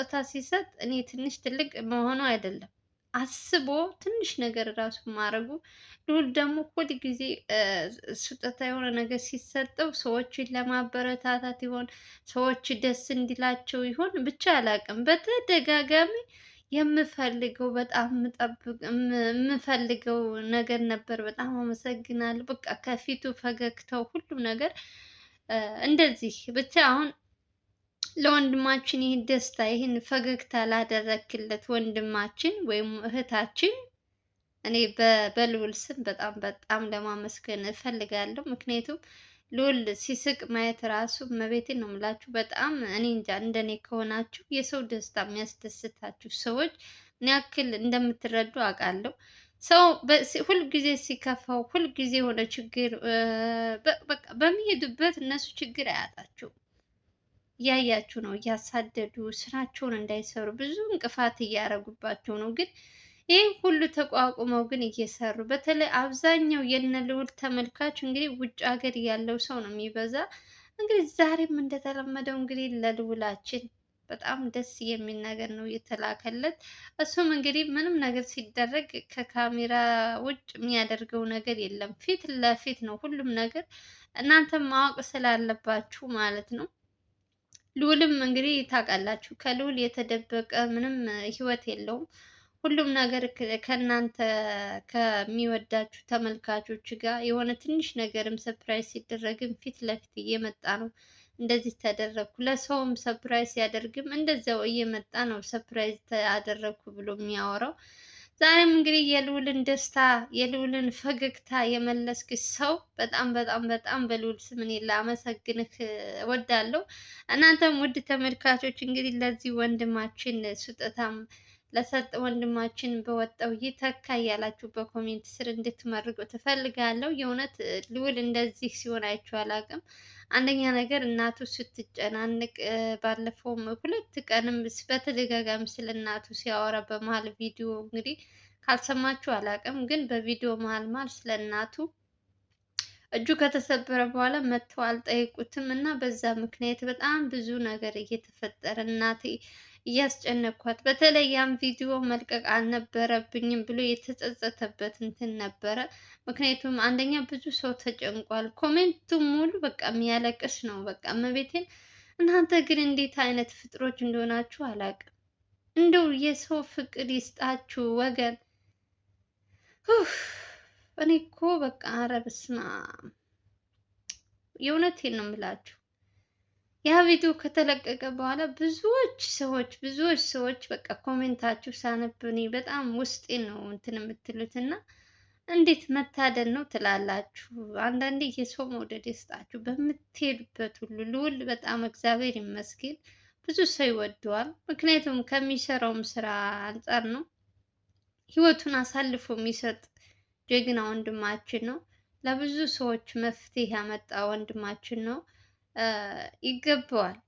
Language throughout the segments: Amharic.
ስጦታ ሲሰጥ እኔ ትንሽ ትልቅ መሆኑ አይደለም አስቦ ትንሽ ነገር ራሱ ማድረጉ። ልዑል ደግሞ ሁል ጊዜ ስጦታ የሆነ ነገር ሲሰጠው ሰዎችን ለማበረታታት ይሆን ሰዎች ደስ እንዲላቸው ይሆን ብቻ አላውቅም። በተደጋጋሚ የምፈልገው በጣም የምፈልገው ነገር ነበር። በጣም አመሰግናለሁ። በቃ ከፊቱ ፈገግታው ሁሉም ነገር እንደዚህ ብቻ አሁን ለወንድማችን ይህን ደስታ ይህን ፈገግታ ላደረክለት ወንድማችን ወይም እህታችን እኔ በልዑል ስም በጣም በጣም ለማመስገን እፈልጋለሁ። ምክንያቱም ልዑል ሲስቅ ማየት ራሱ መቤቴን ነው የምላችሁ። በጣም እኔ እንጃ እንደኔ ከሆናችሁ የሰው ደስታ የሚያስደስታችሁ ሰዎች ምን ያክል እንደምትረዱ አውቃለሁ። ሰው ሁልጊዜ ሲከፋው፣ ሁልጊዜ የሆነ ችግር በሚሄዱበት እነሱ ችግር አያጣችሁም። እያያችሁ ነው። እያሳደዱ ስራቸውን እንዳይሰሩ ብዙ እንቅፋት እያረጉባቸው ነው። ግን ይህ ሁሉ ተቋቁመው ግን እየሰሩ በተለይ አብዛኛው የነ ልዑል ተመልካች እንግዲህ ውጭ ሀገር ያለው ሰው ነው የሚበዛ። እንግዲህ ዛሬም እንደተለመደው እንግዲህ ለልዑላችን በጣም ደስ የሚል ነገር ነው የተላከለት። እሱም እንግዲህ ምንም ነገር ሲደረግ ከካሜራ ውጭ የሚያደርገው ነገር የለም። ፊት ለፊት ነው ሁሉም ነገር እናንተም ማወቅ ስላለባችሁ ማለት ነው። ልዑልም እንግዲህ ታውቃላችሁ ከልዑል የተደበቀ ምንም ህይወት የለውም። ሁሉም ነገር ከእናንተ ከሚወዳችሁ ተመልካቾች ጋር የሆነ ትንሽ ነገርም ሰፕራይዝ ሲደረግም ፊት ለፊት እየመጣ ነው። እንደዚህ ተደረግኩ፣ ለሰውም ሰፕራይዝ ሲያደርግም እንደዚያው እየመጣ ነው ሰፕራይዝ ተደረግኩ ብሎ የሚያወራው ዛሬም እንግዲህ የልዑልን ደስታ የልዑልን ፈገግታ የመለስክ ሰው በጣም በጣም በጣም በልዑል ስም እኔ ላመሰግንህ እወዳለሁ። እናንተም ውድ ተመልካቾች እንግዲህ ለዚህ ወንድማችን ስጦታም ለሰጥ ወንድማችን በወጣው ይተካ እያላችሁ በኮሜንት ስር እንድትመርቁ ትፈልጋለሁ። የእውነት ልዑል እንደዚህ ሲሆን አይቼው አላውቅም። አንደኛ ነገር እናቱ ስትጨናንቅ፣ ባለፈውም ሁለት ቀንም በተደጋጋሚ ስለ እናቱ ሲያወራ በመሀል ቪዲዮ እንግዲህ ካልሰማችሁ አላውቅም፣ ግን በቪዲዮ መሀል መሀል ስለ እናቱ እጁ ከተሰበረ በኋላ መጥተው አልጠየቁትም እና በዛ ምክንያት በጣም ብዙ ነገር እየተፈጠረ እናቴ እያስጨነኳት በተለይ ያም ቪዲዮ መልቀቅ አልነበረብኝም ብሎ የተጸጸተበት እንትን ነበረ። ምክንያቱም አንደኛ ብዙ ሰው ተጨንቋል። ኮሜንቱ ሙሉ በቃ የሚያለቅስ ነው። በቃ እመቤቴን እናንተ ግን እንዴት አይነት ፍጥሮች እንደሆናችሁ አላቅም። እንደው የሰው ፍቅር ይስጣችሁ ወገን። እኔ እኮ በቃ ኧረ በስመ አብ የእውነቴን ነው የምላችሁ። ያ ቪዲዮ ከተለቀቀ በኋላ ብዙዎች ሰዎች ብዙዎች ሰዎች በቃ ኮሜንታችሁ ሳነብ በጣም ውስጤ ነው እንትን የምትሉት እና እንዴት መታደል ነው ትላላችሁ። አንዳንዴ የሰው መውደድ ይስጣችሁ። በምትሄዱበት ሁሉ ልውል በጣም እግዚአብሔር ይመስገን ብዙ ሰው ይወደዋል። ምክንያቱም ከሚሰራውም ስራ አንጻር ነው። ህይወቱን አሳልፎ የሚሰጥ ጀግና ወንድማችን ነው። ለብዙ ሰዎች መፍትሄ ያመጣ ወንድማችን ነው። ይገባዋል።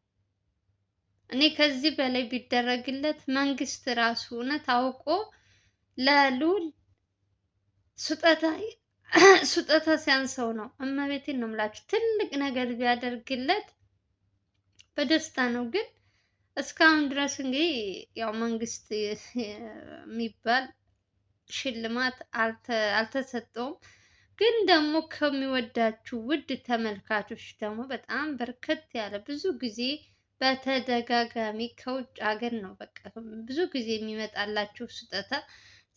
እኔ ከዚህ በላይ ቢደረግለት መንግስት ራሱ እውነት አውቆ ለልዑል ስጠታ ሲያንሰው ነው። እመቤቴን ነው የምላችሁ። ትልቅ ነገር ቢያደርግለት በደስታ ነው። ግን እስካሁን ድረስ እንግዲህ ያው መንግስት የሚባል ሽልማት አልተሰጠውም። ግን ደግሞ ከሚወዳችሁ ውድ ተመልካቾች ደግሞ በጣም በርከት ያለ ብዙ ጊዜ በተደጋጋሚ ከውጭ ሀገር ነው በቃ ብዙ ጊዜ የሚመጣላችሁ ስጦታ።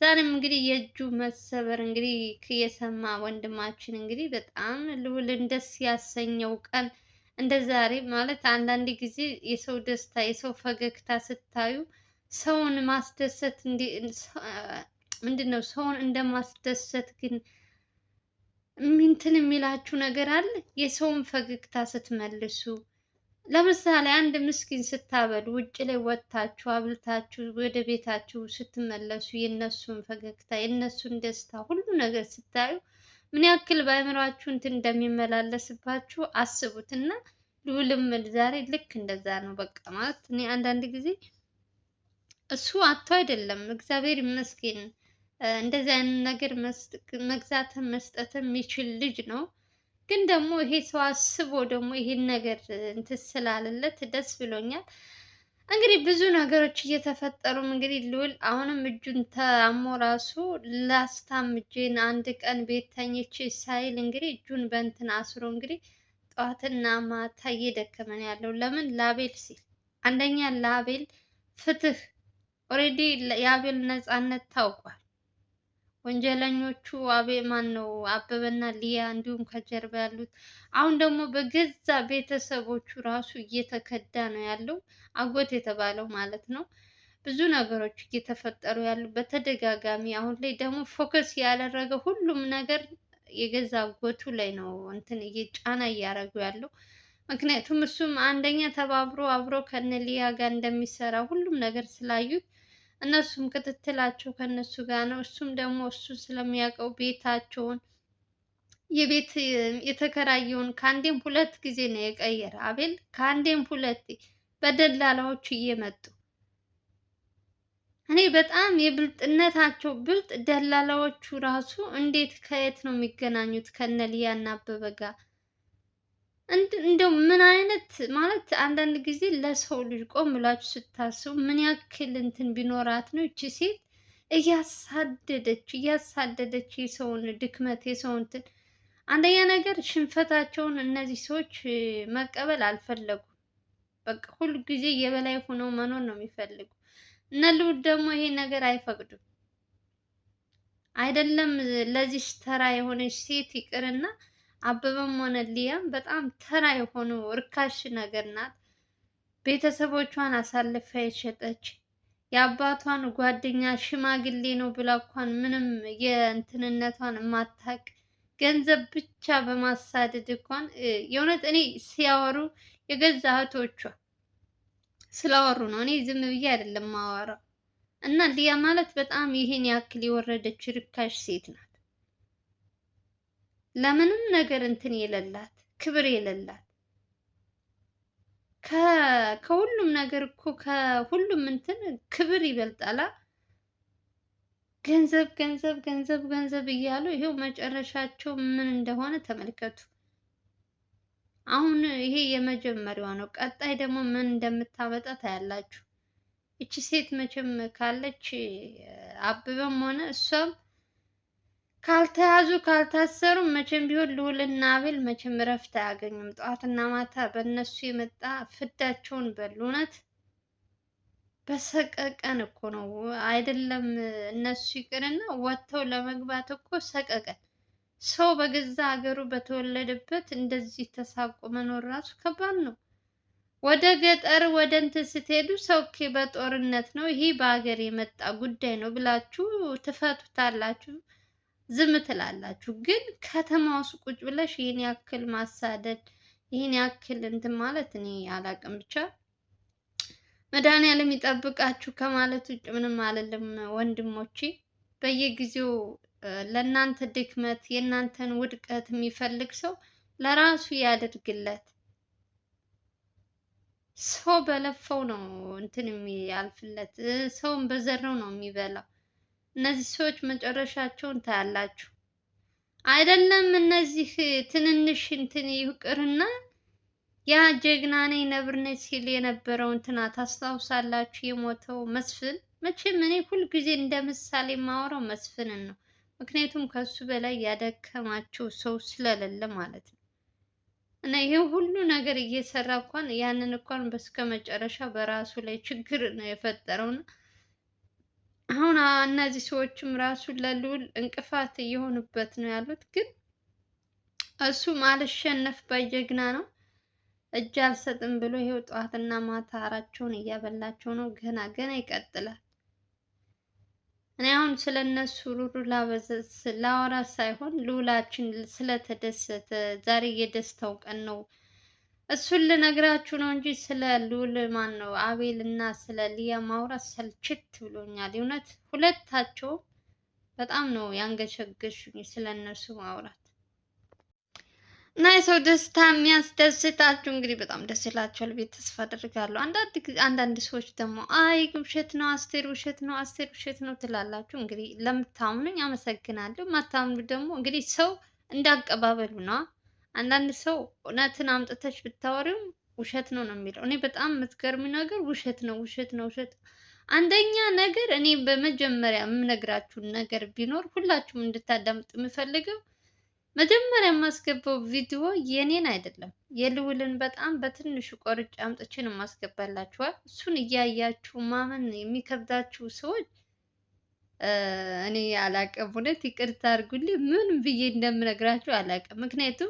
ዛሬም እንግዲህ የእጁ መሰበር እንግዲህ የሰማ ወንድማችን እንግዲህ በጣም ልዑልን ደስ ያሰኘው ቀን እንደ ዛሬ ማለት አንዳንድ ጊዜ የሰው ደስታ የሰው ፈገግታ ስታዩ ሰውን ማስደሰት ምንድን ነው ሰውን እንደማስደሰት ግን እንትን የሚላችሁ ነገር አለ። የሰውን ፈገግታ ስትመልሱ፣ ለምሳሌ አንድ ምስኪን ስታበሉ፣ ውጭ ላይ ወጥታችሁ አብልታችሁ ወደ ቤታችሁ ስትመለሱ፣ የእነሱን ፈገግታ፣ የእነሱን ደስታ፣ ሁሉ ነገር ስታዩ ምን ያክል በአእምሯችሁ እንትን እንደሚመላለስባችሁ አስቡት። እና ልዑልም ዛሬ ልክ እንደዛ ነው። በቃ ማለት እኔ አንዳንድ ጊዜ እሱ አቶ አይደለም እግዚአብሔር ይመስገን እንደዚህ አይነት ነገር መግዛትም መስጠትም የሚችል ልጅ ነው። ግን ደግሞ ይሄ ሰው አስቦ ደግሞ ይሄን ነገር እንትን ስላለለት ደስ ብሎኛል። እንግዲህ ብዙ ነገሮች እየተፈጠሩም እንግዲህ ልውል አሁንም እጁን ታሞ ራሱ ላስታም እጄን አንድ ቀን ቤት ተኝቼ ሳይል እንግዲህ እጁን በእንትን አስሮ እንግዲህ ጠዋትና ማታ እየደከመን ያለው ለምን ላቤል ሲል አንደኛ ላቤል ፍትህ ኦልሬዲ የአቤል ነፃነት ታውቋል። ወንጀለኞቹ አቤ ማን ነው አበበና ሊያ እንዲሁም ከጀርባ ያሉት። አሁን ደግሞ በገዛ ቤተሰቦቹ ራሱ እየተከዳ ነው ያለው አጎት የተባለው ማለት ነው። ብዙ ነገሮች እየተፈጠሩ ያሉ በተደጋጋሚ አሁን ላይ ደግሞ ፎከስ ያደረገ ሁሉም ነገር የገዛ አጎቱ ላይ ነው እንትን ጫና እያደረጉ ያለው። ምክንያቱም እሱም አንደኛ ተባብሮ አብሮ ከነ ሊያ ጋር እንደሚሰራ ሁሉም ነገር ስላዩት እነሱም ክትትላቸው ከነሱ ጋር ነው። እሱም ደግሞ እሱ ስለሚያውቀው ቤታቸውን የቤት የተከራየውን ከአንዴም ሁለት ጊዜ ነው የቀየረ አቤል። ከአንዴም ሁለት በደላላዎቹ እየመጡ እኔ በጣም የብልጥነታቸው ብልጥ ደላላዎቹ ራሱ እንዴት ከየት ነው የሚገናኙት ከነ ሊያና አበበ ጋር እንደው ምን አይነት ማለት አንዳንድ ጊዜ ለሰው ልጅ ቆም ብላችሁ ስታስቡ ምን ያክል እንትን ቢኖራት ነው እቺ ሴት እያሳደደች እያሳደደች የሰውን ድክመት የሰውን እንትን አንደኛ ነገር ሽንፈታቸውን እነዚህ ሰዎች መቀበል አልፈለጉም። በቃ ሁል ጊዜ የበላይ ሆነው መኖር ነው የሚፈልጉ። እነ ልዑል ደግሞ ይሄ ነገር አይፈቅዱም። አይደለም ለዚህ ተራ የሆነች ሴት ይቅርና አበበም ሆነ ሊያም በጣም ተራ የሆኑ እርካሽ ነገር ናት። ቤተሰቦቿን አሳልፋ የሸጠች የአባቷን ጓደኛ ሽማግሌ ነው ብላ እንኳን ምንም የእንትንነቷን ማታቅ ገንዘብ ብቻ በማሳደድ እንኳን የእውነት እኔ ሲያወሩ የገዛ እህቶቿ ስላወሩ ነው። እኔ ዝም ብዬ አይደለም ማወራው እና ሊያ ማለት በጣም ይሄን ያክል የወረደች ርካሽ ሴት ናት። ለምንም ነገር እንትን የሌላት ክብር የሌላት ከሁሉም ነገር እኮ ከሁሉም እንትን ክብር ይበልጣላ። ገንዘብ ገንዘብ ገንዘብ ገንዘብ እያሉ ይሄው መጨረሻቸው ምን እንደሆነ ተመልከቱ። አሁን ይሄ የመጀመሪያዋ ነው። ቀጣይ ደግሞ ምን እንደምታመጣ ታያላችሁ። እቺ ሴት መቼም ካለች አብበም ሆነ እሷም ካልተያዙ ካልታሰሩ መቼም ቢሆን ልዑልና አቤል መቼም እረፍት አያገኙም። ጠዋትና ማታ በእነሱ የመጣ ፍዳቸውን በሉ። እውነት በሰቀቀን እኮ ነው አይደለም። እነሱ ይቅርና ወጥተው ለመግባት እኮ ሰቀቀን። ሰው በገዛ ሀገሩ በተወለደበት እንደዚህ ተሳቆ መኖር ራሱ ከባድ ነው። ወደ ገጠር ወደ እንትን ስትሄዱ ሰው በጦርነት ነው ይሄ በሀገር የመጣ ጉዳይ ነው ብላችሁ ትፈቱታላችሁ። ዝም ትላላችሁ። ግን ከተማ ውስጥ ቁጭ ብለሽ ይህን ያክል ማሳደድ ይህን ያክል እንትን ማለት እኔ አላቅም። ብቻ መድኃኒዓለም ይጠብቃችሁ ከማለት ውጭ ምንም አልልም። ወንድሞቼ በየጊዜው ለእናንተ ድክመት የእናንተን ውድቀት የሚፈልግ ሰው ለራሱ ያደርግለት። ሰው በለፈው ነው እንትን የሚያልፍለት፣ ሰውን በዘረው ነው የሚበላው። እነዚህ ሰዎች መጨረሻቸውን ታያላችሁ። አይደለም እነዚህ ትንንሽ እንትን ይቅርና ያ ጀግና ነኝ ነብር ነኝ ሲል የነበረው እንትና ታስታውሳላችሁ? የሞተው መስፍን። መቼም እኔ ሁልጊዜ እንደ ምሳሌ የማወራው መስፍንን ነው። ምክንያቱም ከሱ በላይ ያደከማቸው ሰው ስለሌለ ማለት ነው። እና ይሄ ሁሉ ነገር እየሰራ እንኳን ያንን እንኳን በስከ መጨረሻ በራሱ ላይ ችግር ነው የፈጠረውና አሁን እነዚህ ሰዎችም ራሱ ለልዑል እንቅፋት እየሆኑበት ነው ያሉት። ግን እሱም አልሸነፍ በጀግና ነው እጅ አልሰጥም ብሎ ይሄው ጠዋትና ማታ አራቸውን እያበላቸው ነው። ገና ገና ይቀጥላል። እኔ አሁን ስለ እነሱ ሩሩ ላወራ ሳይሆን ልዑላችን ስለተደሰተ ዛሬ የደስታው ቀን ነው እሱን ልነግራችሁ ነው እንጂ ስለ ልዑል ማን ነው አቤል እና ስለ ሊያ ማውራት ሰልችት ብሎኛል። እውነት ሁለታቸው በጣም ነው ያንገሸገሹኝ ስለ እነሱ ማውራት እና የሰው ደስታ የሚያስደስታችሁ እንግዲህ በጣም ደስ ይላቸዋል ቤት ተስፋ አደርጋለሁ። አንዳንድ ሰዎች ደግሞ አይ ውሸት ነው አስቴር ውሸት ነው አስቴር ውሸት ነው ትላላችሁ። እንግዲህ ለምታምኑኝ አመሰግናለሁ። ማታምኑ ደግሞ እንግዲህ ሰው እንዳቀባበሉ ነዋ። አንዳንድ ሰው እውነትን አምጥተሽ ብታወሪው ውሸት ነው ነው የሚለው። እኔ በጣም የምትገርሚ ነገር ውሸት ነው ውሸት ነው ውሸት። አንደኛ ነገር እኔ በመጀመሪያ የምነግራችሁን ነገር ቢኖር ሁላችሁም እንድታዳምጡ የምፈልገው መጀመሪያ የማስገባው ቪዲዮ የኔን አይደለም የልውልን በጣም በትንሹ ቆርጬ አምጥቼን የማስገባላችኋል። እሱን እያያችሁ ማመን የሚከብዳችሁ ሰዎች እኔ አላቅም፣ እውነት ይቅርታ አድርጉልኝ። ምን ብዬ እንደምነግራችሁ አላቅም። ምክንያቱም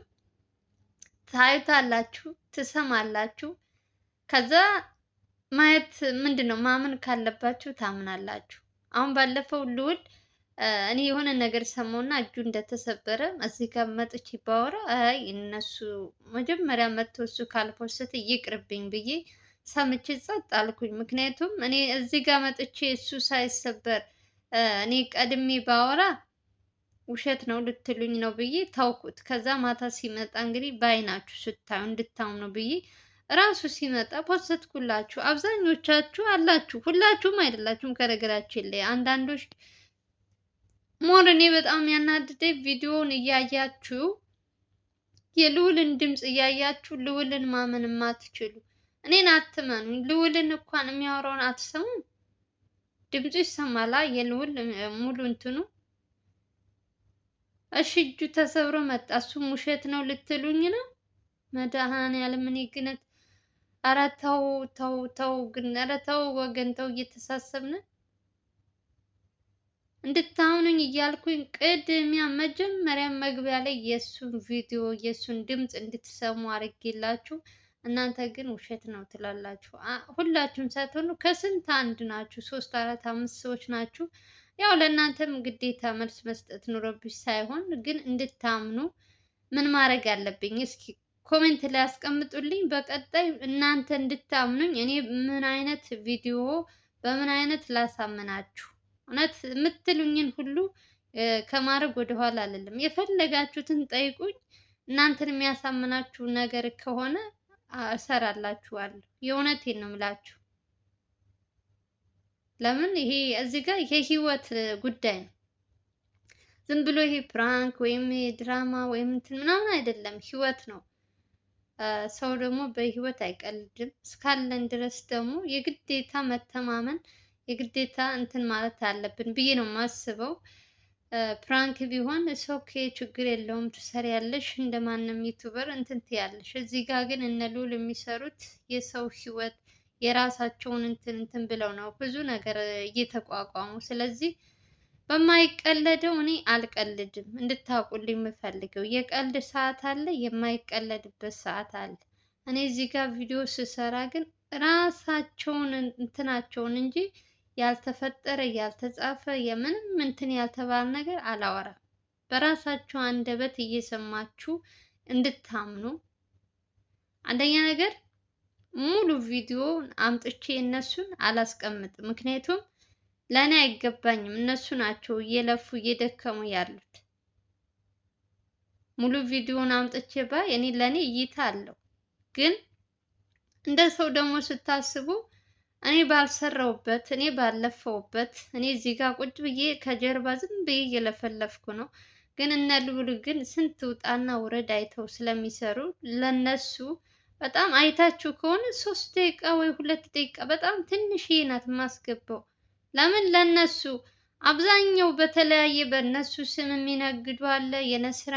ታዩታላችሁ፣ ትሰማላችሁ። ከዛ ማየት ምንድን ነው ማመን ካለባችሁ ታምናላችሁ። አሁን ባለፈው ልዑል እኔ የሆነ ነገር ሰማውና እጁ እንደተሰበረ እዚህ ጋር መጥቼ ባወራ አይ እነሱ መጀመሪያ መጥቶ እሱ ካልፖስት ይቅርብኝ ብዬ ሰምቼ ጸጥ አልኩኝ። ምክንያቱም እኔ እዚህ ጋር መጥቼ እሱ ሳይሰበር እኔ ቀድሜ ባወራ ውሸት ነው ልትሉኝ ነው ብዬ ታውኩት። ከዛ ማታ ሲመጣ እንግዲህ በአይናችሁ ስታዩ ነው ብዬ ራሱ ሲመጣ ፖስትኩላችሁ። አብዛኞቻችሁ አላችሁ፣ ሁላችሁም አይደላችሁም። ከነገራችን ላይ አንዳንዶች ሞር እኔ በጣም ያናድደኝ ቪዲዮውን እያያችሁ የልዑልን ድምፅ እያያችሁ ልዑልን ማመን የማትችሉ እኔን አትመኑ። ልዑልን እንኳን የሚያወራውን አትሰሙም። ድምፁ ይሰማላ የልዑል ሙሉ እንትኑ እሺ እጁ ተሰብሮ መጣ። እሱም ውሸት ነው ልትሉኝ ነው? መድኃኒዓለም እኔ ግን ኧረ ተው ተው ተው ግን ኧረ ተው ወገን ተው፣ እየተሳሰብን እንድታምኑኝ እያልኩኝ ቅድሚያ መጀመሪያ መግቢያ ላይ የእሱን ቪዲዮ የእሱን ድምፅ እንድትሰሙ አድርጌላችሁ እናንተ ግን ውሸት ነው ትላላችሁ። ሁላችሁም ሳትሆኑ ከስንት አንድ ናችሁ፣ ሶስት አራት አምስት ሰዎች ናችሁ። ያው ለእናንተም ግዴታ መልስ መስጠት ኑሮብሽ ሳይሆን ግን እንድታምኑ ምን ማድረግ አለብኝ? እስኪ ኮሜንት ላይ አስቀምጡልኝ። በቀጣይ እናንተ እንድታምኑኝ እኔ ምን አይነት ቪዲዮ በምን አይነት ላሳምናችሁ? እውነት የምትሉኝን ሁሉ ከማድረግ ወደኋላ አልልም። የፈለጋችሁትን ጠይቁኝ። እናንተን የሚያሳምናችሁ ነገር ከሆነ እሰራላችኋለሁ። የእውነቴን ነው የምላችሁ። ለምን ይሄ እዚህ ጋር የህይወት ጉዳይ ነው። ዝም ብሎ ይሄ ፕራንክ ወይም ድራማ ወይም እንትን ምናምን አይደለም፣ ህይወት ነው። ሰው ደግሞ በህይወት አይቀልድም። እስካለን ድረስ ደግሞ የግዴታ መተማመን የግዴታ እንትን ማለት አለብን ብዬ ነው የማስበው። ፕራንክ ቢሆን ሶኬ ችግር የለውም ያለሽ እንደማንም ዩቱበር እንትን ትያለሽ። እዚህ ጋር ግን እነ ልዑል የሚሰሩት የሰው ህይወት የራሳቸውን እንትን እንትን ብለው ነው ብዙ ነገር እየተቋቋሙ። ስለዚህ በማይቀለደው እኔ አልቀልድም እንድታውቁልኝ የምፈልገው የቀልድ ሰዓት አለ፣ የማይቀለድበት ሰዓት አለ። እኔ እዚህ ጋር ቪዲዮ ስሰራ ግን ራሳቸውን እንትናቸውን እንጂ ያልተፈጠረ ያልተጻፈ የምንም እንትን ያልተባለ ነገር አላወራም። በራሳቸው አንደበት እየሰማችሁ እንድታምኑ አንደኛ ነገር ሙሉ ቪዲዮውን አምጥቼ እነሱን አላስቀምጥም። ምክንያቱም ለእኔ አይገባኝም። እነሱ ናቸው እየለፉ እየደከሙ ያሉት። ሙሉ ቪዲዮውን አምጥቼ ባይ እኔ ለእኔ እይታ አለው። ግን እንደ ሰው ደግሞ ስታስቡ እኔ ባልሰራውበት፣ እኔ ባለፈውበት፣ እኔ እዚህ ጋር ቁጭ ብዬ ከጀርባ ዝም ብዬ እየለፈለፍኩ ነው። ግን እነ ልዑል ግን ስንት ውጣና ውረድ አይተው ስለሚሰሩ ለነሱ በጣም አይታችሁ ከሆነ ሶስት ደቂቃ ወይ ሁለት ደቂቃ በጣም ትንሽዬ ናት የማስገባው። ለምን ለነሱ አብዛኛው በተለያየ በነሱ ስም የሚነግዱ አለ። የንስር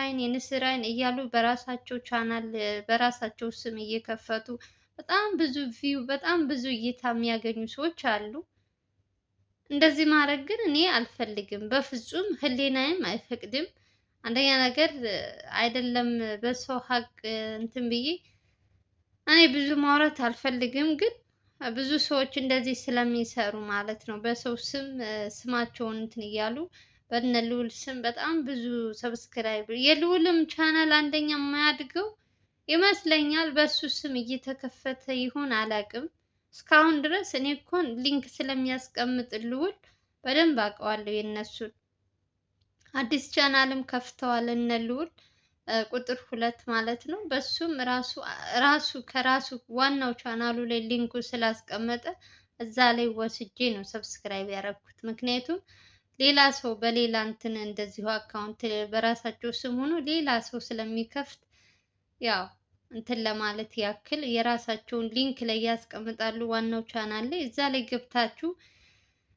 አይን እያሉ በራሳቸው ቻናል በራሳቸው ስም እየከፈቱ በጣም ብዙ ቪው በጣም ብዙ እይታ የሚያገኙ ሰዎች አሉ። እንደዚህ ማድረግ ግን እኔ አልፈልግም በፍጹም ሕሊናዬም አይፈቅድም። አንደኛ ነገር አይደለም በሰው ሀቅ እንትን ብዬ እኔ ብዙ ማውራት አልፈልግም፣ ግን ብዙ ሰዎች እንደዚህ ስለሚሰሩ ማለት ነው። በሰው ስም ስማቸውን እንትን እያሉ በነ ልዑል ስም በጣም ብዙ ሰብስክራይብ የልዑልም ቻናል አንደኛ የማያድገው ይመስለኛል በሱ ስም እየተከፈተ ይሆን አላውቅም። እስካሁን ድረስ እኔ እኮን ሊንክ ስለሚያስቀምጥ ልዑል በደንብ አውቀዋለሁ የነሱን አዲስ ቻናልም ከፍተዋል እነ ቁጥር ሁለት ማለት ነው። በሱም ራሱ ራሱ ከራሱ ዋናው ቻናሉ ላይ ሊንኩ ስላስቀመጠ እዛ ላይ ወስጄ ነው ሰብስክራይብ ያደረኩት። ምክንያቱም ሌላ ሰው በሌላ እንትን እንደዚሁ አካውንት በራሳቸው ስም ሆኖ ሌላ ሰው ስለሚከፍት ያው እንትን ለማለት ያክል የራሳቸውን ሊንክ ላይ ያስቀምጣሉ ዋናው ቻናል ላይ እዛ ላይ ገብታችሁ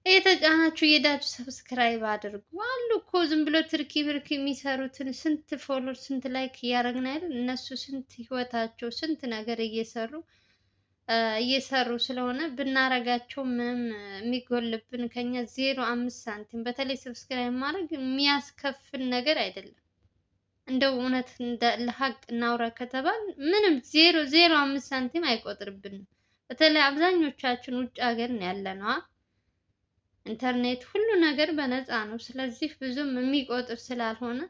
የተጫናችሁ የዳጅ ሰብስክራይብ አድርጉ። አሉ እኮ ዝም ብሎ ትርኪ ብርኪ የሚሰሩትን ስንት ፎሎር ስንት ላይክ እያደረግን አይደል? እነሱ ስንት ህይወታቸው ስንት ነገር እየሰሩ እየሰሩ ስለሆነ ብናረጋቸው ምንም የሚጎልብን ከኛ ዜሮ አምስት ሳንቲም። በተለይ ሰብስክራይብ ማድረግ የሚያስከፍል ነገር አይደለም። እንደው እውነት ለሀቅ እናውራ ከተባል ምንም ዜሮ ዜሮ አምስት ሳንቲም አይቆጥርብንም። በተለይ አብዛኞቻችን ውጭ ሀገር ነው ያለነዋ። ኢንተርኔት ሁሉ ነገር በነፃ ነው። ስለዚህ ብዙም የሚቆጥር ስላልሆነ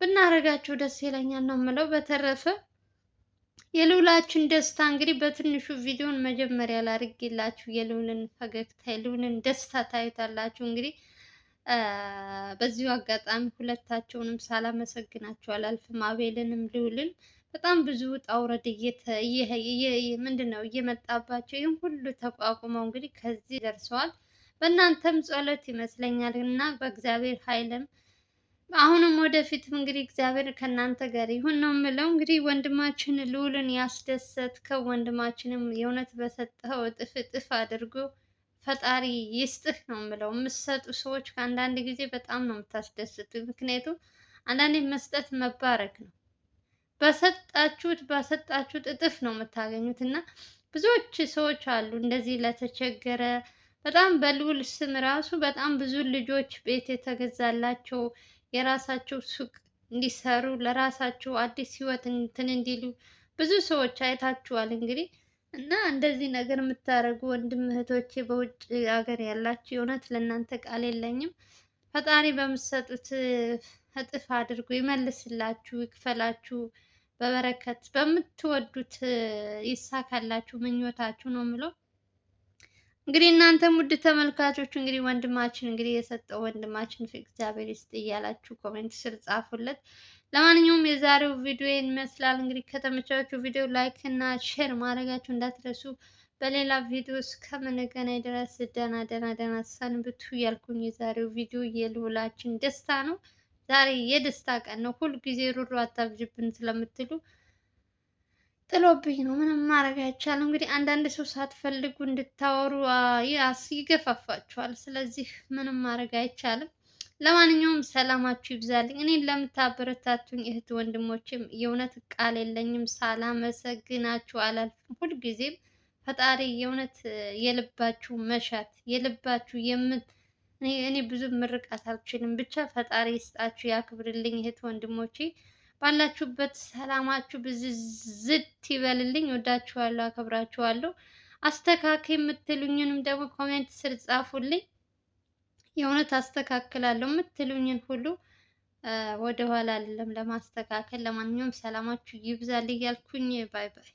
ብናረጋቸው ደስ ይለኛል ነው የምለው። በተረፈ የልውላችን ደስታ እንግዲህ በትንሹ ቪዲዮን መጀመሪያ ላድርጌላችሁ። የልውልን ፈገግታ፣ የልውልን ደስታ ታዩታላችሁ። እንግዲህ በዚሁ አጋጣሚ ሁለታቸውንም ሳላመሰግናቸው አላልፍም። አቤልንም ልውልን በጣም ብዙ ውጣ ውረድ ምንድን ነው እየመጣባቸው ይህም ሁሉ ተቋቁመው እንግዲህ ከዚህ ደርሰዋል። በእናንተም ጸሎት ይመስለኛል እና በእግዚአብሔር ኃይልም አሁንም ወደፊትም እንግዲህ እግዚአብሔር ከእናንተ ጋር ይሁን ነው የምለው። እንግዲህ ወንድማችን ልዑልን ያስደሰትከው ወንድማችንም የእውነት በሰጠኸው እጥፍ እጥፍ አድርጎ ፈጣሪ ይስጥህ ነው የምለው። የምትሰጡ ሰዎች ከአንዳንድ ጊዜ በጣም ነው የምታስደስቱ። ምክንያቱም አንዳንዴ መስጠት መባረክ ነው። በሰጣችሁት በሰጣችሁት እጥፍ ነው የምታገኙት እና ብዙዎች ሰዎች አሉ እንደዚህ ለተቸገረ በጣም በልዑል ስም ራሱ በጣም ብዙ ልጆች ቤት የተገዛላቸው የራሳቸው ሱቅ እንዲሰሩ ለራሳቸው አዲስ ህይወት እንትን እንዲሉ ብዙ ሰዎች አይታችኋል እንግዲህ። እና እንደዚህ ነገር የምታደርጉ ወንድም እህቶቼ በውጭ ሀገር ያላችሁ የእውነት ለእናንተ ቃል የለኝም። ፈጣሪ በምትሰጡት እጥፍ አድርጎ ይመልስላችሁ፣ ይክፈላችሁ፣ በበረከት በምትወዱት ይሳካላችሁ ምኞታችሁ ነው የምለው። እንግዲህ እናንተ ውድ ተመልካቾች እንግዲህ ወንድማችን እንግዲህ የሰጠው ወንድማችን እግዚአብሔር ይስጥ እያላችሁ ኮሜንት ስር ጻፉለት። ለማንኛውም የዛሬው ቪዲዮ ይመስላል። እንግዲህ ከተመቻችሁ ቪዲዮ ላይክ እና ሼር ማድረጋችሁ እንዳትረሱ። በሌላ ቪዲዮ እስከምንገናኝ ድረስ ደህና ደህና ደህና ሰንብቱ ያልኩኝ። የዛሬው ቪዲዮ የልውላችን ደስታ ነው። ዛሬ የደስታ ቀን ነው። ሁልጊዜ ሩሩ አታብዥብን ስለምትሉ ጥሎብኝ ነው ምንም ማድረግ አይቻልም። እንግዲህ አንዳንድ ሰው ሳትፈልጉ እንድታወሩ ይገፋፋችኋል። ስለዚህ ምንም ማድረግ አይቻልም። ለማንኛውም ሰላማችሁ ይብዛልኝ። እኔን ለምታበረታቱኝ እህት ወንድሞችም የእውነት ቃል የለኝም፣ ሳላመሰግናችሁ አላልፍም። ሁልጊዜም ፈጣሪ የእውነት የልባችሁ መሻት የልባችሁ የምት እኔ ብዙ ምርቃት አልችልም፣ ብቻ ፈጣሪ ይስጣችሁ፣ ያክብርልኝ እህት ወንድሞቼ። ባላችሁበት ሰላማችሁ ብዝዝት ይበልልኝ። ወዳችኋለሁ፣ አከብራችኋለሁ። አስተካክ የምትሉኝንም ደግሞ ኮሜንት ስር ጻፉልኝ። የእውነት አስተካክላለሁ የምትሉኝን ሁሉ ወደኋላ አይደለም ለማስተካከል። ለማንኛውም ሰላማችሁ ይብዛል እያልኩኝ ባይ ባይ።